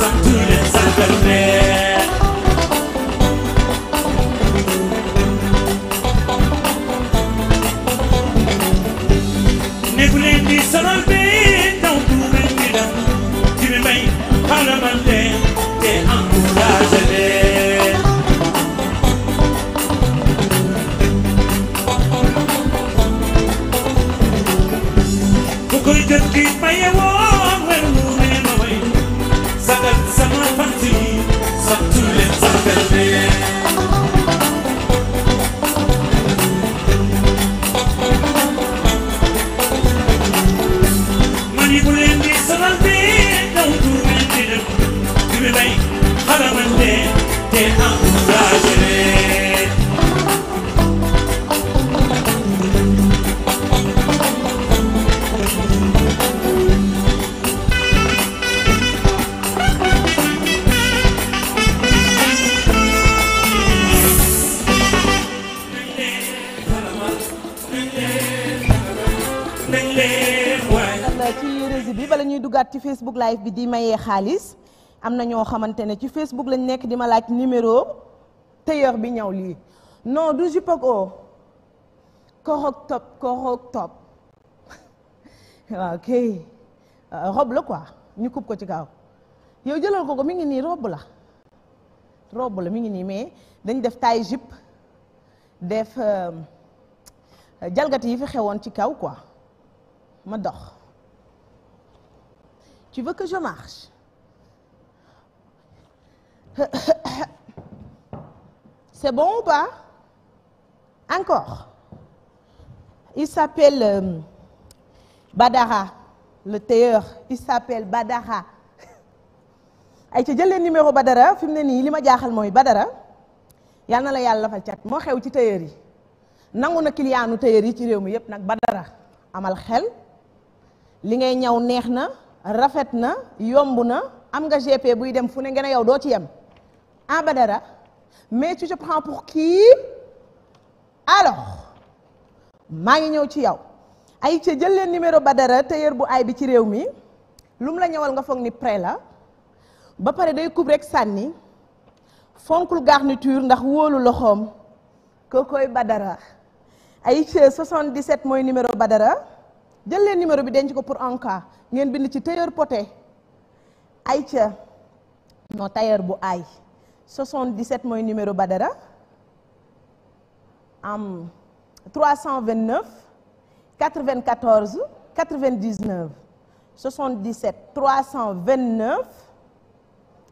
sant leen sargal Facebook live bi di mayee xaalis am na ñoo xamante ne ci Facebook lañ nekk di ma laaj numéro tailleur bi ñaw lii no du jupago korok top korok top waaw kay euh, robe la quoi ñu kub ko ci kaw yow jëlal ko ko mi ngi nii robe la robe la mi ngi nii mais dañ def taille jupe def euh, jalgati yi fi xewoon ci kaw quoi ma dox ci veux que je marche C'est bon ou pas Encore. Il s'appelle euh, Badara, le tailleur. Il s'appelle Badara. ay ci jël leen Badara fi mu ne nii li ma jaaxal mooy Badara yal na la yàlla fa cat moo xew ci tailleur yi nangu na kiliyaanu tailleur yi ci réew mi yépp nag Badara amal xel li ngay ñaw neex na rafet na yomb na am nga GP buy dem fu ne nga ne yow doo ci yem ah Badara mais ci te prends pour qui alors maa ngi ñëw ci yow ay ca jël leen numéro Badara tailleur bu ay bi ci réew mi lu mu la ñëwal nga foog ni prêt la ba pare day coupe rek sànni fonkul garniture ndax wóolu loxoom kookooy Badara ay ca 77 mooy numéro Badara jël leen numéro bi denc ko pour en cas ngeen bind ci tailleur poté ay ca non tailleur bu ay 77 mooy numéro Badara am 329 94 99 77 329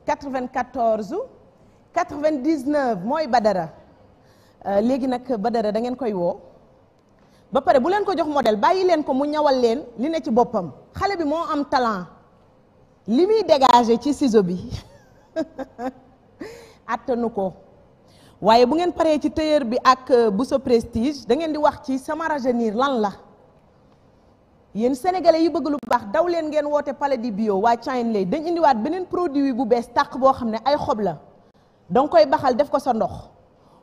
94 99 mooy Badara euh, léegi nag Badara da ngeen koy woo. ba pare bu leen ko jox modèle bàyyi leen ko mu ñawal leen li ne ci boppam xale bi moo am talan li muy dégager ci ciseau bi attanu ko waaye bu ngeen paree ci tailleur bi ak euh, bu sa prestige da ngeen di wax ci sama rajeunir lan la yéen sénégalais yi bëgg lu baax daw leen ngeen woote palais di bio waa Chine lay dañ indiwaat beneen produit bu bees tàq boo xam ne ay xob la danga koy baxal def ko sa ndox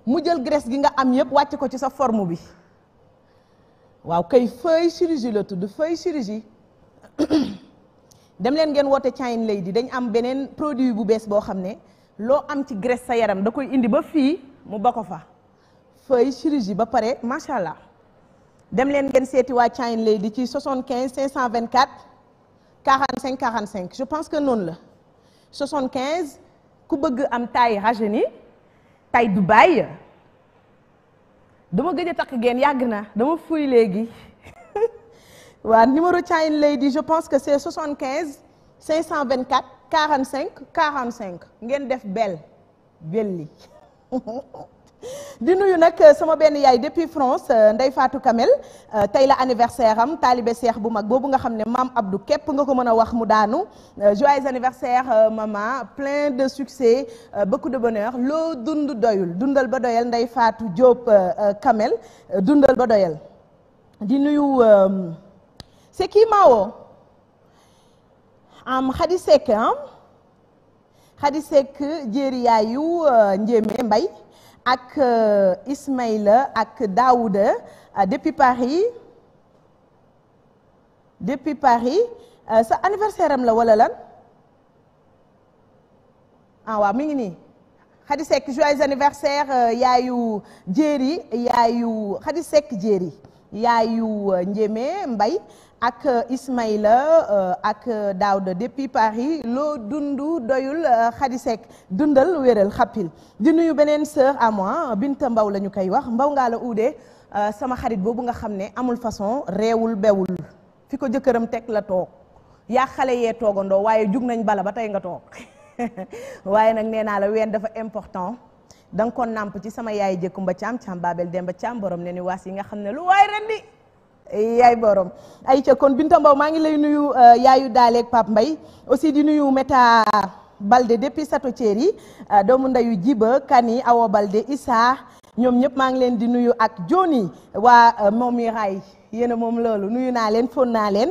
mu jël graisse gi nga am yépp wàcc ko ci sa forme bi waaw kay feuille chirurgie la tudd feuille chirurgie dem leen ngeen woote Chine lay di dañ am beneen produit bu bees boo xam ne loo am ci graisse sa yaram da koy indi ba fii mu ba ko fa feuille chirurgie ba pare macha allah dem leen ngeen seeti waa Chine lay di ci quinze cinq 75 524 45 cinq je pense que noonu la quinze ku bëgg am taille rajeuni taille Dubaï. dama gëj a takk geen yàgg na dama fuy léegi waa numéro Caayin Lady je pense que c'est 75 cinq 45 cinq ngeen def bel belli di nuyu nag sama benn yaay depuis France euh, Ndeye Fatou Kamel euh, tey la anniversaire am taalibe seex bu mag boobu nga xam ne maam Abdou képp nga ko mën a wax mu daanu euh, joyeux anniversaire maman plein de succès beaucoup de bonheur loo dund doyul dundal ba doyal Ndeye Fatou Diop Kamel dundal ba doyal di nuyu c'est qui Mao am jéeri yaayu Njéemé Mbay ak euh, Ismaïla ak Daouda euh, depuis Paris depuis Paris euh, sa anniversaire la wala lan ah waaw mi ngi nii Khady Seck joyeux anniversaire yaayu Jéeri yaayu Khady Seck Jéeri yaayu Njémé Mbay ak Ismaïla euh, ak Daouda depuis Paris loo dundu doyul xadisek euh, dundal wéral xappil di nuyu beneen sœur à Binta Mbaw la ñu koy wax Mbaw ngaa la uudee euh, sama xarit boobu nga xam ne amul façon reewul bewul fi ko jëkkëram teg la toog yaa xale yee toogandoo waaye jug nañ bala ba tey nga toog waaye nag nee naa la ween dafa important da nga ko nàmp ci sama yaay jëkkumba caam caam Babel Demba caam borom ne ni waas yi nga xam ne lu waay rendi yaay borom ay ca kon Binta Mbow maa ngi lay nuyu euh, yaayu daaleeg Pape mbay aussi di nuyu Meta Balde depuis Sato yi euh, doomu ndeyu Jiba Kani Awo Balde Issa ñoom ñëpp maa ngi leen di nuyu ak Joni waa euh, moom yi raay yéen a moom loolu nuyu naa leen fon naa leen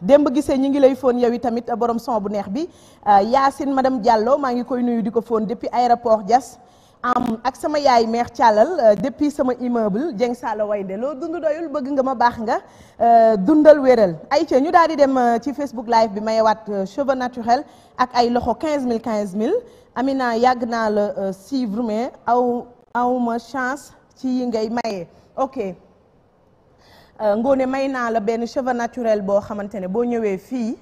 démb gisee ñu ngi lay fóon yow yi tamit borom son bu neex bi ma madame Diallo maa ngi koy nuyu di ko fóon depuis aéroport jas am ak sama yaay mère Thialal euh, depuis sama immeuble Dieng Sala Waynde loo dund doyul bëgg nga ma baax nga euh, dundal wéral ay ca ñu daal di dem euh, ci Facebook live bi wat cheveux naturel ak ay loxo 15000 15000 Amina yàgg naa la suivre mais aw awma chance ci yi ngay maye ok ngoone may naa la benn cheveux naturel boo xamante ne boo ñëwee fii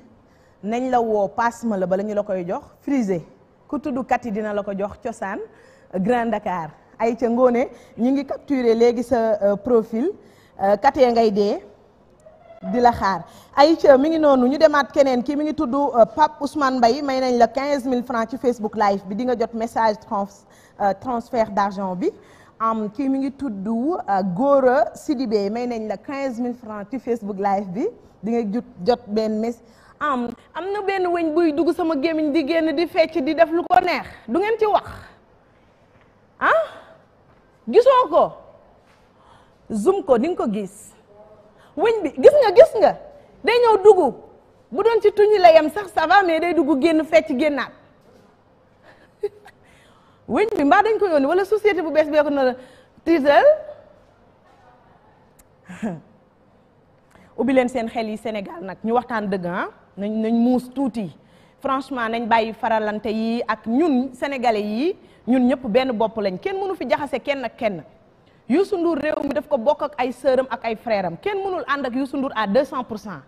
nañ la woo passe ma la bala ñu la koy jox frise ku tudd kat yi dina la ko jox cosaan. Grand Dakar ay ca ngoone ñu ngi capturer léegi sa euh, profil euh, katee ngay dee di la xaar ay ca mi ngi noonu ñu demaat keneen kii mi ngi tudd euh, Pape Ousmane Mbaye may nañ la 15000 francs ci Facebook live bi di nga jot message trans transfert d'argent bi am kii mi ngi tudd Gora Sidibé may nañ la 15000 francs ci Facebook live bi di nga jut jot benn mes am am na benn weñ buy dugg sama gémmiñ di génn di fecc di def lu ko neex du ngeen ci wax ah gisoo ko zoom ko di ko gis wëñ bi gis nga gis nga day ñëw dugg bu doon ci tuñu la yem sax ça va day dugg génn fecc génnaat wëñ bi mbaa dañ ko yónni wala société bu bees bee ko na tiital ubbi leen seen xel yi Sénégal nag ñu waxtaan dëgg ah? nañ nañ muus tuuti franchement nañ bàyyi faralante yi ak ñun sénégalais yi ñun ñëpp benn bopp lañ kenn mënu fi jaxase kenn ak kenn Youssou Ndour réew mi daf ko bokk ak ay sëram ak ay frère kenn mënul ànd ak Youssou Ndour à 200 pour cent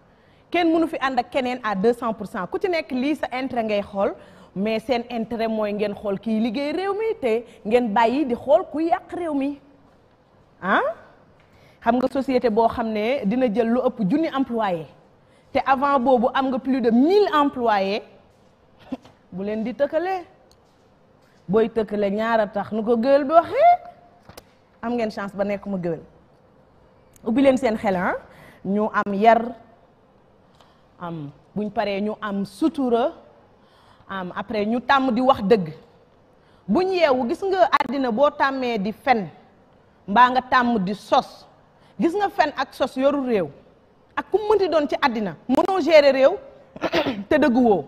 kenn mënu fi ànd ak keneen à 200 pour cent ku ci nekk lii sa intérêt ngay xool mais seen intérêt mooy ngeen xool kii liggéey réew mi te ngeen bàyyi di xool ku yàq réew mi ah xam nga société boo xam ne dina jël lu ëpp junni employé te avant boobu am nga plus de 1000 employés bu leen di tëkkalee booy tëkkale ñaara tax nu ko géwél bi waxee am ngeen chance ba nekkuma géwél ubbi leen seen xel ah. ñu am yar am buñ paree ñu am sutura am après ñu tàmm di wax dëgg buñ yeewu gis nga àddina boo tàmmee di fen mbaa nga tàmm di sos gis nga fen ak sos yoru réew ak ku mënti doon ci àddina mënoo gérer réew te dëgguwoo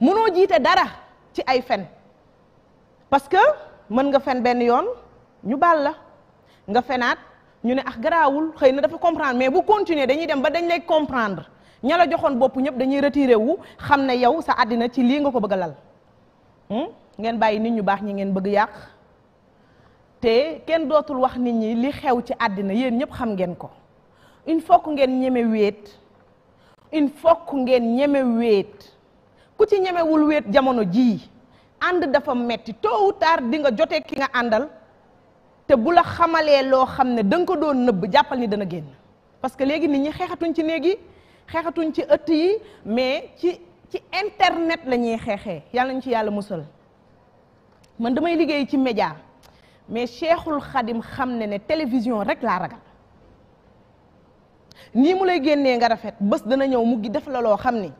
mënoo jiite dara ci ay fen parce que mën nga fen benn yoon ñu baal la nga fenaat ñu ne ax ah, garaawul xëy na dafa comprendre mais bu continuer dañuy dem ba dañ lay comprendre ña la joxoon bopp ñëpp dañuy retiré wu xam ne yow sa àddina ci lii nga ko bëgg a lal hmm? ngeen bàyyi nit ñu baax ñi ngeen bëgg yàq te kenn dootul wax nit ñi li xew ci àddina yéen ñëpp xam ngeen ko il faut que ngeen ñeme wéet il faut que ngeen ñeme wéet ku ci ñemewul wéet jamono jii ànd dafa metti tôt ou tard nga jotee ki nga àndal te bu la xamalee loo xam ne danga ko doon nëbb jàppal ni dana génn parce que léegi nit ñi xeexatuñ ci néegi xeexatuñ ci ëtt yi mais ci ci internet la ñuy xeexee yàlla nañ ci yàlla musal man damay liggéey ci média mais Cheikhul xadim xam ne ne télévision rek laa ragal nii mu lay génnee nga rafet bés dana ñëw mu gi def la loo xam ni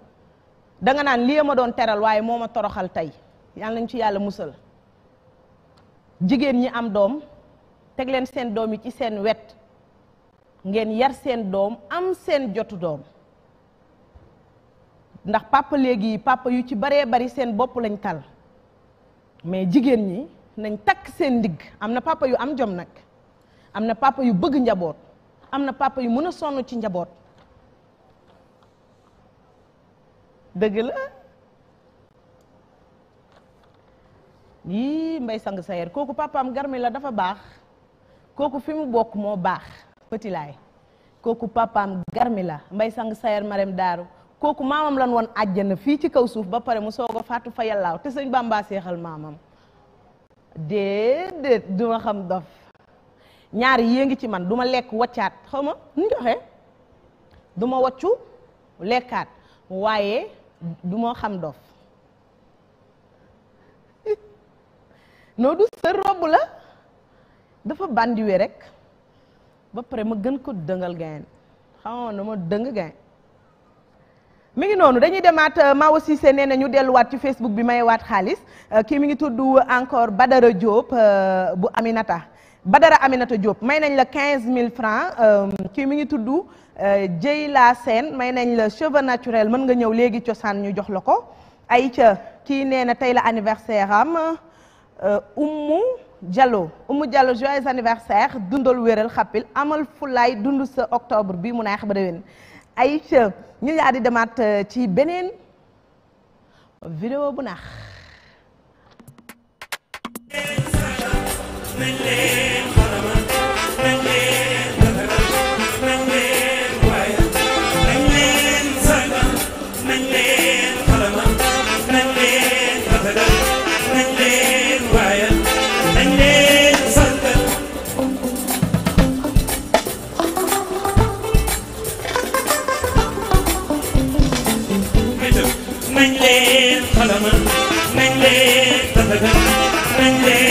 danga naan lii ma doon teral waaye moo ma toroxal tey yàlla nañ ci yàlla musal jigéen ñi am doom teg leen seen doom yi ci seen wet ngeen yar seen doom am seen jotu doom ndax papa léegi papa yu ci baree bari seen bopp lañ tal mais jigéen ñi nañ takk seen ndigg am na papa yu am jom nag am na papa yu bëgg njaboot am na papa yu mën a sonn ci njaboot dëgg la yii mbay sang sayer kooku papaam garmi la dafa baax kooku fi mu bokk moo baax petit kooku papaam garmi la mbay sang sayer marem daaru kooku maamam lan woon àjjana fii ci kaw suuf ba pare mu soo a faatu fa yàllaaw te sëñ bàmbaa seexal maamam déedéet duma xam dof ñaar yée ngi ci man duma lekk waccaat xaw ma nu joxe duma waccu lekkaat waaye du ma xam dof noo du sa robb la dafa bandiwe rek ba pare ma gën ko dëngal gayen xamoon na ma dëng gayen mu ngi noonu dañuy demaat euh, Mawa Cissé nee na ñu delluwaat ci Facebook bi may waat xaalis euh, kii mi ngi tudd encore Badara Diop euh, bu Aminata Badara Aminata Diop may nañ la mille francs kii mi ngi tudd laa seen may nañ la cheveux naturel mën nga ñëw léegi cosaan ñu jox la ko ay ca kii nee tey la anniversaire am Euh, Oumou Diallo Oumou Diallo joyeux anniversaire dundal wéral xappil amal fulaay dund sa octobre bi mu naax ba déwén ay ñu yaa di demaat euh, ci beneen vidéo bu nax Sunday.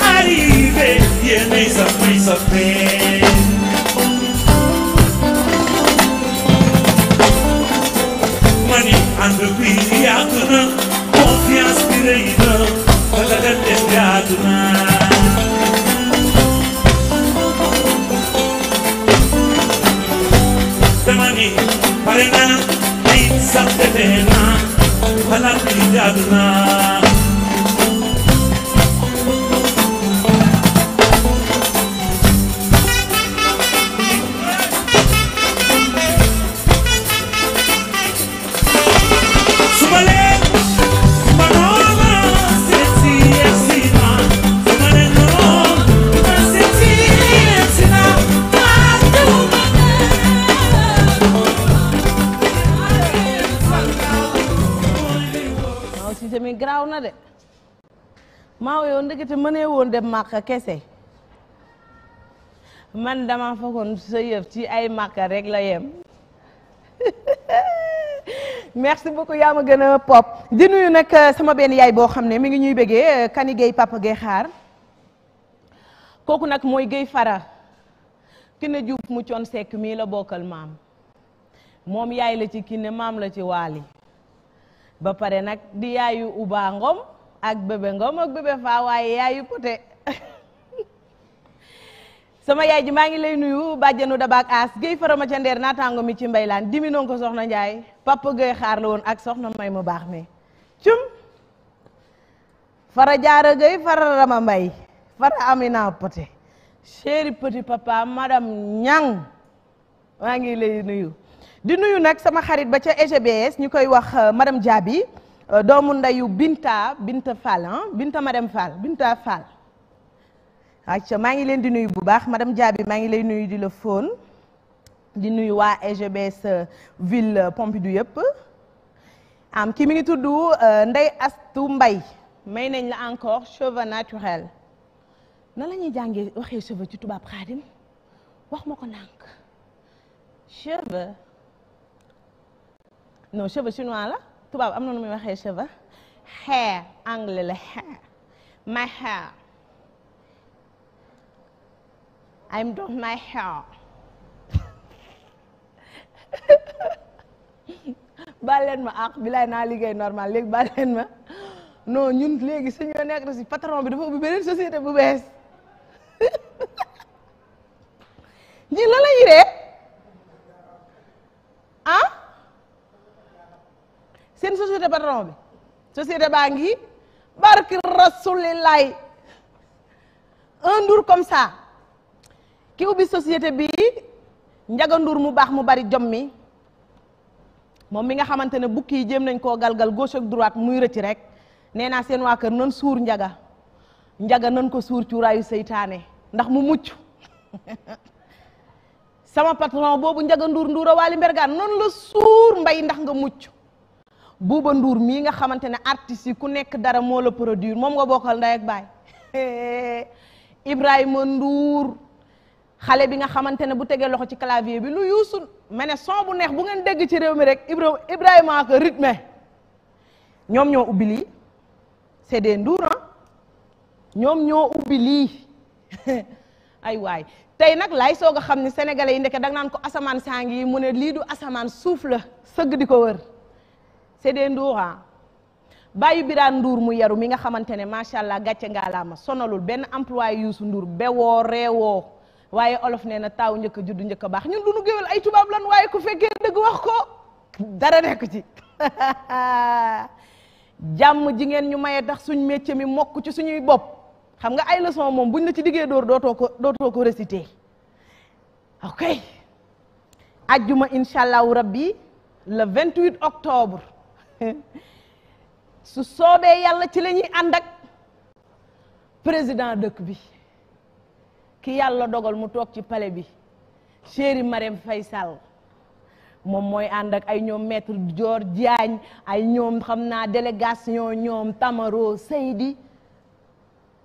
arrivé yéenay soppi soppee. mani entreprise yi yaatu na confiance bi rëy na ba nga dem des yaatu na. dama ni pare naa nit sax defe naa xalaat bi jaadu naa. bi tamit na de maaw yow woon dem màkka kese man dama foogoon ci ay màkka rek la yem merci beaucoup yaa ma gën a pop di nag uh, sama benn yaay boo xam ne mi ngi ñuy bëggee uh, kani gay papa xaar kooku nag mooy gay fara Kiné Diouf mu coon sekk mii la bokkal maam moom yaay la ci kin maam la ci Waali ba nag di yaayu Uba Ngom ak bébé Ngom ak bébé Faa waaye yaayu Poté sama yaay ji maa ngi lay nuyu bàjjenu dabaak aas géy farama ca ndeer naataango mi ci mbaylaan dimi noon ko soxna Njaay papa gay xaar la woon ak soxna may mu baax mi cum fara jaara gay fara rama mbay fara amina poté chéri petit papa madame ñang maa ngi lay nuyu di nuyu nag sama xarit ba ca EGBS ñu koy wax euh, madame Diaby euh, doomu ndeyu Binta Binta Fall ah Binta madame Fall Binta Fall. acca maa ngi leen di nuyu bu baax madame Diaby maa ngi lay nuyu di la fóon di nuyu waa EGBS euh, ville Pompidou yëpp am ki mi ngi tudd Ndey Astu Mbay may nañ la encore cheveux naturel na la ñuy jàngee waxee cheveux ci tubaab xaadim wax ma ko nànk non cheveux chinois la tubaab am na nu muy waxee cheveux hair anglais la hair my hair I'm doing my hair baal ma ak bilaay naa liggéey normal léegi baal leen ma non ñun léegi suñoo nekk na si patron bi dafa ubbi beneen société bu bees ñi la la patron bi société baa ngi barki rasulilaay un ndour comme sa ki ubbi société bi njaga ndur mu baax mu bari jom moom mi nga xamante ne bukki yi jéem nañ koo galgal gauche ak droite muy rëcc rek nee naa seen waa kër nan suur njaga njaga nan ko suur cuuraayu seytaane ndax mu mucc sama patron boobu njaga nduur nduura waali mbergaan noonu la suur mbay ndax nga mucc Bouba nduur mii nga xamante ne artistes yi ku nekk dara moo la produire moom nga bokkal ndey ak baay Ibrahima Ndour xale bi nga xamante ne bu tegee loxo ci clavier bi lu yuusul ma ne son bu neex bu ngeen dégg ci réew mi rek Ibrahima ko rythme ñoom ñoo ubbi lii c'est des Ndour ñoom ñoo ubbi lii ay waay tey nag laay soog a xam ne sénégalais yi ndeke da nga naan ko asamaan saa ngi mu ne lii du asamaan suuf la sëgg di ko wër. c'est des nduuraa bàyyi biraan nduur mu yaru mi nga xamante ne macha allah gàcce ngaalaama sonalul benn employé yuusu nduur bewoo reewoo waaye olof nee na taaw njëkk a juddu njëkk a baax ñun du ñu géwél ay tubaab lan waaye ku fekkee dëgg wax ko dara nekku ci jàmm ji ngeen ñu maye tax suñ métier mi mokk ci suñuy bopp xam nga ay leçon moom buñ na ci diggee door dootoo ko dootoo ko réciter ok ajjuma incha allahu rabbi le 28 octobre su soobee yàlla ci lañuy ñuy ànd ak président dëkk bi ki yàlla dogal mu toog ci pale bi chéri Marème Faye Sall moom mooy ànd ak ay ñoom maître Dior Diagne ay ñoom xam naa délégation ñoom Tamaro Seydi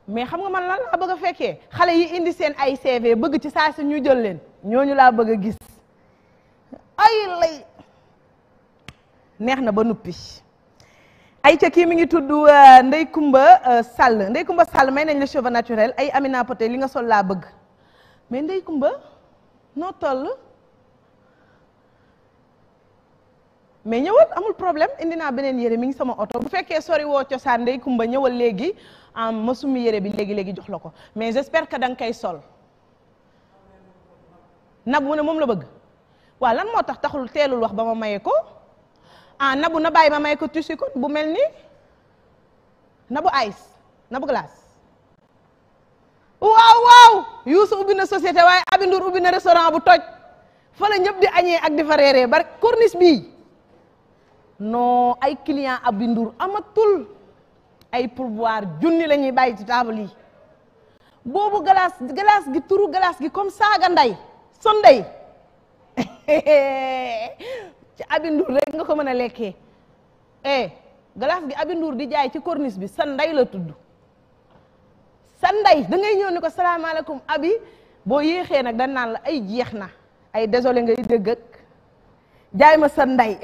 mais xam nga ma la laa bëgg a fekkee xale yi indi seen ay CV bëgg ci saa si ñu jël leen ñooñu laa bëgg a gis ay lay neex na ba nuppi ay ca kii mi ngi tudd euh, Ndey Kumba euh, Sall Ndey Kumba Sall may nañ la cheveux naturel ay Amina Poté li nga sol laa bëgg mais Ndey Kumba noo toll mais ñëwal amul problème indi naa beneen yére mi ngi sama oto bu fekkee sori woo cosaan Ndey Kumba ñëwal léegi ah, ma summi yére bi léegi léegi jox la ko mais j'espère que da nga koy sol nag mu ne moom la bëgg waa lan moo tax taxul teelul wax ba ma mayee ko ah nabu na bàyyi ma may ko tissu kon bu mel ni nabu ice nabu glace waaw waaw Youssou ubbi na société waaye Aby ubbi na restaurant bu toj fa la ñëpp di añee ak di fa reeree bari corniche bii non ay client Aby Ndour amatul ay pourboire junni la ñuy bàyyi ci table yi boobu glace glace gi turu glace gi comme saaga nday son ci abinduur rek nga ko mën a lekkee eh glace gi abinduur di jaay ci corniche bi sa ndey la tudd sa ndey dangay ñëw ni ko salaamaaleykum abi boo yéexee nag da naan la ay jeex na ay désolé ngay dégg ak jaay ma sa ndey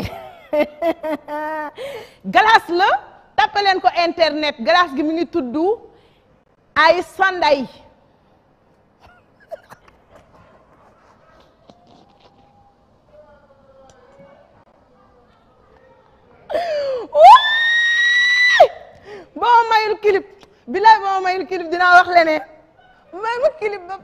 glace la tappaleen ko internet glace gi mi ngi tudd ay sanday boo mayul clip bilaay boo mayul clip dinaa wax leneen may ma clip ba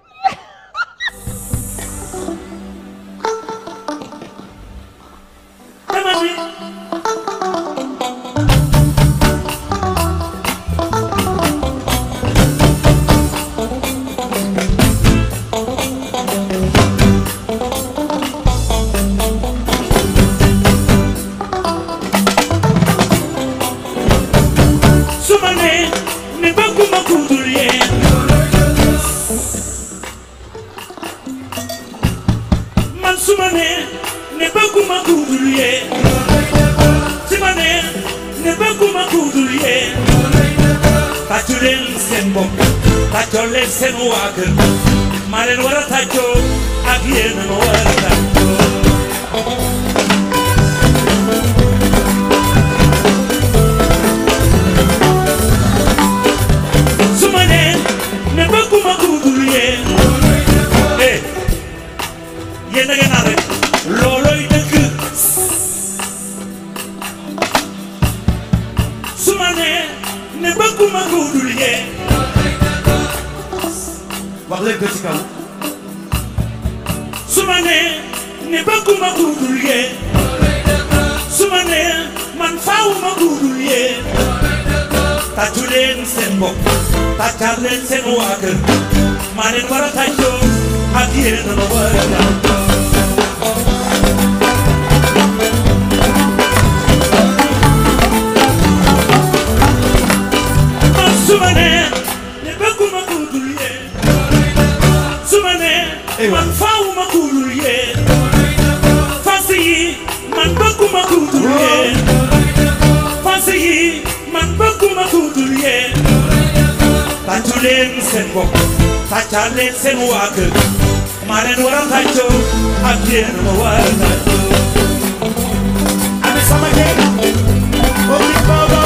suudul yéen tàccu leen seen bopp tàccaat leen seen waa kër maa leen war a tàccoo ak yéen ma war a tàccoo ami sama jeeg oli boobo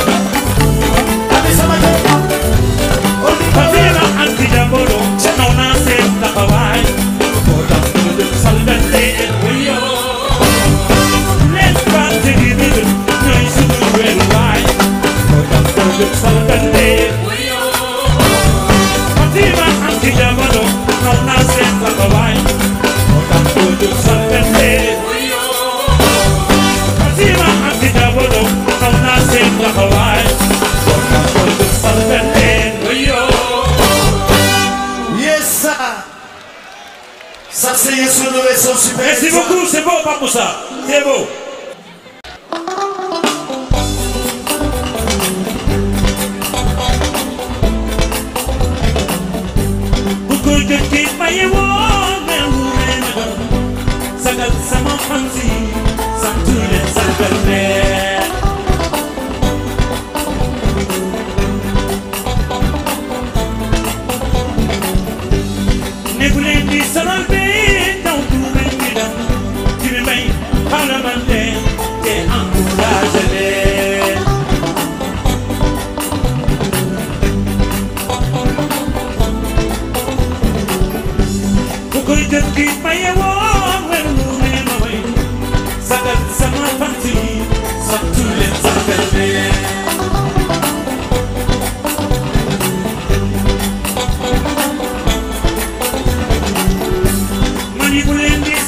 ami sama jeeg oli boobo papiira an ki jambolo ca naw naa seen taxawaay boo tax ñu dem salgal leen wuyoo jóg Santander Fatima am ci jamono xam naa seen taxawaay moo tax doo jóg Santander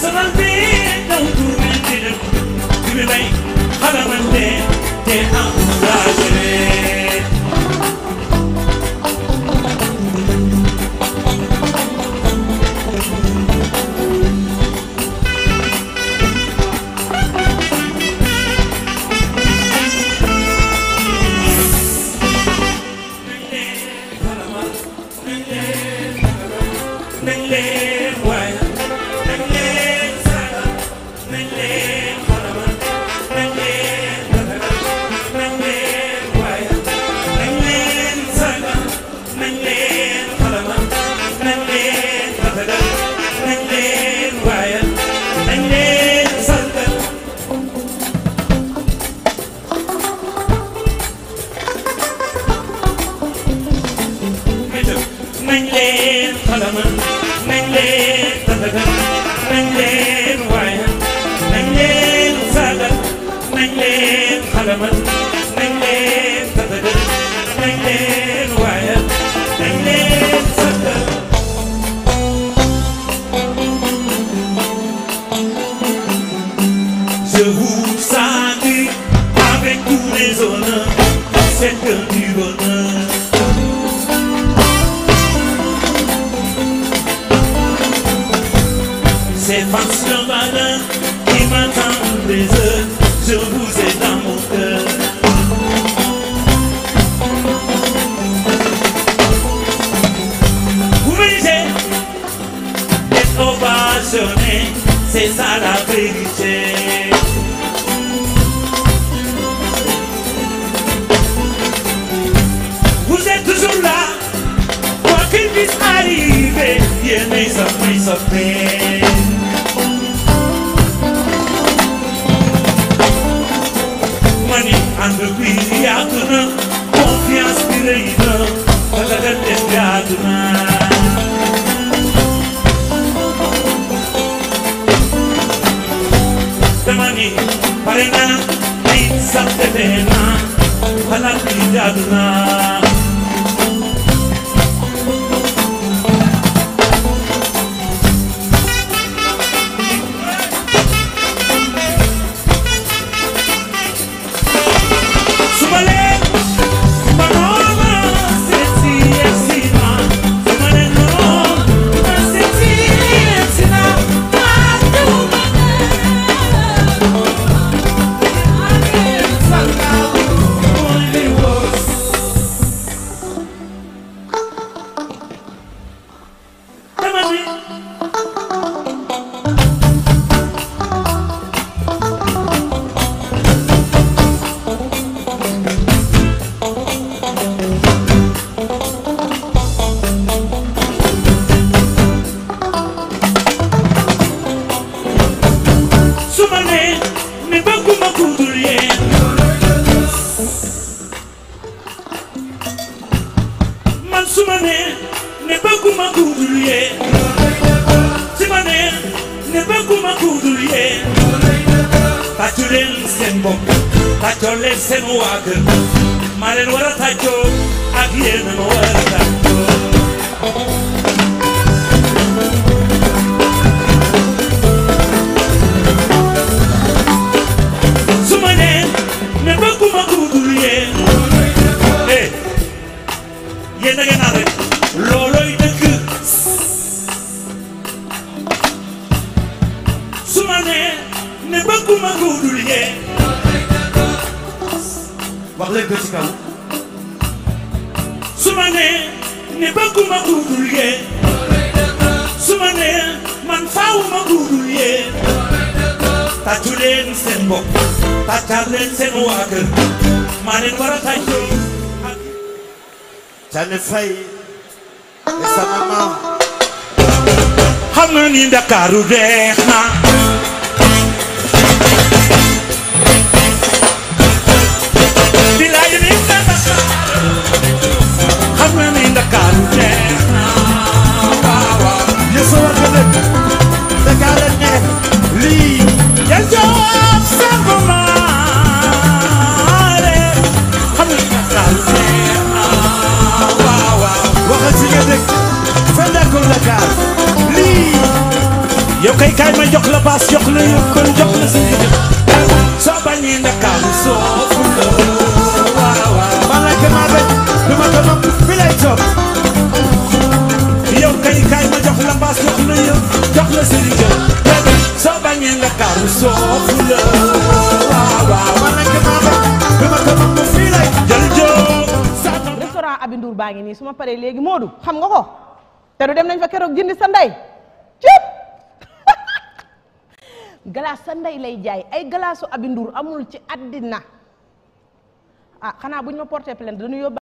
xaramante te am leen xalama nañ leen tatagal nañ leen waaya nañ leen sagal nañ leen xalama nañ leen tatagal nañ leen of me. say sama maam xam nga ni Ndakaaru deex Peru dem nañ fa keroog jëndi sa ndey cëpp glace sa ndey lay jaay ay glace su Abi Ndour amul ci àddina ah xanaa buñ ma porté plainte dañu